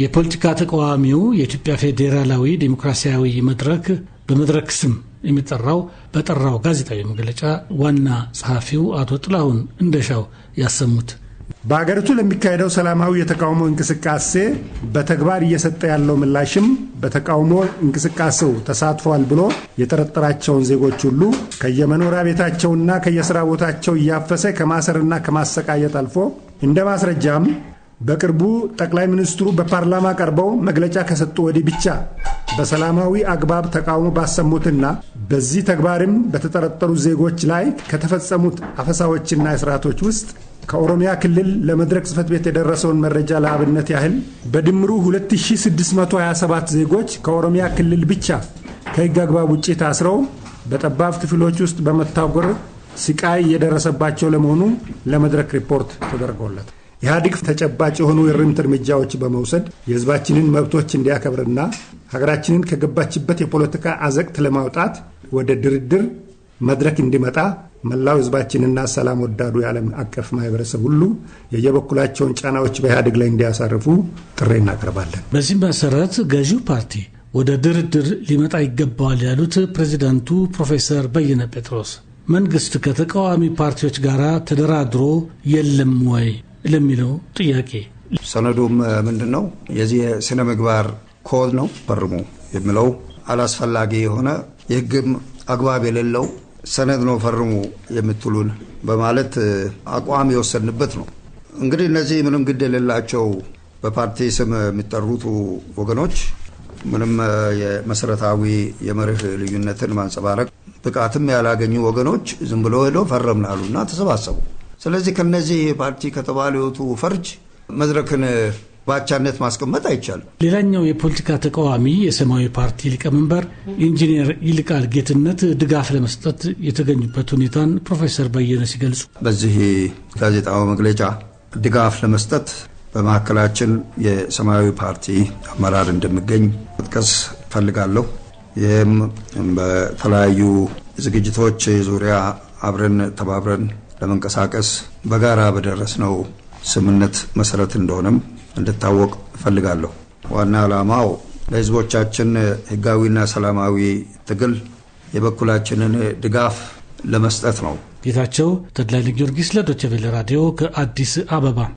የፖለቲካ ተቃዋሚው የኢትዮጵያ ፌዴራላዊ ዴሞክራሲያዊ መድረክ በመድረክ ስም የሚጠራው በጠራው ጋዜጣዊ መግለጫ ዋና ጸሐፊው አቶ ጥላሁን እንደሻው ያሰሙት በሀገሪቱ ለሚካሄደው ሰላማዊ የተቃውሞ እንቅስቃሴ በተግባር እየሰጠ ያለው ምላሽም በተቃውሞ እንቅስቃሴው ተሳትፏል ብሎ የጠረጠራቸውን ዜጎች ሁሉ ከየመኖሪያ ቤታቸውና ከየስራ ቦታቸው እያፈሰ ከማሰርና ከማሰቃየት አልፎ እንደ ማስረጃም በቅርቡ ጠቅላይ ሚኒስትሩ በፓርላማ ቀርበው መግለጫ ከሰጡ ወዲህ ብቻ በሰላማዊ አግባብ ተቃውሞ ባሰሙትና በዚህ ተግባርም በተጠረጠሩ ዜጎች ላይ ከተፈጸሙት አፈሳዎችና እስራቶች ውስጥ ከኦሮሚያ ክልል ለመድረክ ጽፈት ቤት የደረሰውን መረጃ ለአብነት ያህል በድምሩ 2627 ዜጎች ከኦሮሚያ ክልል ብቻ ከሕግ አግባብ ውጭ ታስረው በጠባብ ክፍሎች ውስጥ በመታጎር ስቃይ እየደረሰባቸው ለመሆኑ ለመድረክ ሪፖርት ተደርጎለታል። ኢህአዴግ ተጨባጭ የሆኑ የርምት እርምጃዎች በመውሰድ የህዝባችንን መብቶች እንዲያከብርና ሀገራችንን ከገባችበት የፖለቲካ አዘቅት ለማውጣት ወደ ድርድር መድረክ እንዲመጣ መላው ህዝባችንና ሰላም ወዳዱ የዓለም አቀፍ ማህበረሰብ ሁሉ የየበኩላቸውን ጫናዎች በኢህአዴግ ላይ እንዲያሳርፉ ጥሪ እናቀርባለን። በዚህ መሰረት ገዢው ፓርቲ ወደ ድርድር ሊመጣ ይገባዋል ያሉት ፕሬዚዳንቱ ፕሮፌሰር በየነ ጴጥሮስ መንግስት ከተቃዋሚ ፓርቲዎች ጋር ተደራድሮ የለም ወይ ለሚለው ጥያቄ ሰነዱም ምንድን ነው የዚህ የስነ ምግባር ኮድ ነው ፈርሙ የሚለው አላስፈላጊ የሆነ የህግም አግባብ የሌለው ሰነድ ነው ፈርሙ የምትሉን በማለት አቋም የወሰድንበት ነው። እንግዲህ እነዚህ ምንም ግድ የሌላቸው በፓርቲ ስም የሚጠሩት ወገኖች ምንም የመሰረታዊ የመርህ ልዩነትን ማንጸባረቅ ብቃትም ያላገኙ ወገኖች ዝም ብሎ ሄዶ ፈረምናሉና ተሰባሰቡ። ስለዚህ ከነዚህ ፓርቲ ከተባሉቱ ፈርጅ መድረክን ባቻነት ማስቀመጥ አይቻልም። ሌላኛው የፖለቲካ ተቃዋሚ የሰማያዊ ፓርቲ ሊቀመንበር ኢንጂነር ይልቃል ጌትነት ድጋፍ ለመስጠት የተገኙበት ሁኔታን ፕሮፌሰር በየነ ሲገልጹ በዚህ ጋዜጣዊ መግለጫ ድጋፍ ለመስጠት በመካከላችን የሰማያዊ ፓርቲ አመራር እንደሚገኝ መጥቀስ ፈልጋለሁ። ይህም በተለያዩ ዝግጅቶች ዙሪያ አብረን ተባብረን ለመንቀሳቀስ በጋራ በደረስነው ስምነት መሰረት እንደሆነም እንድታወቅ እፈልጋለሁ። ዋና ዓላማው ለህዝቦቻችን ህጋዊና ሰላማዊ ትግል የበኩላችንን ድጋፍ ለመስጠት ነው። ጌታቸው ተድላይ ልጅ ጊዮርጊስ ለዶቸቬለ ራዲዮ ከአዲስ አበባ